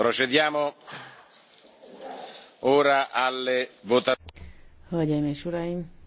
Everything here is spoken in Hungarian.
procediamo ora alle votazioni. hölgyeim és uraim!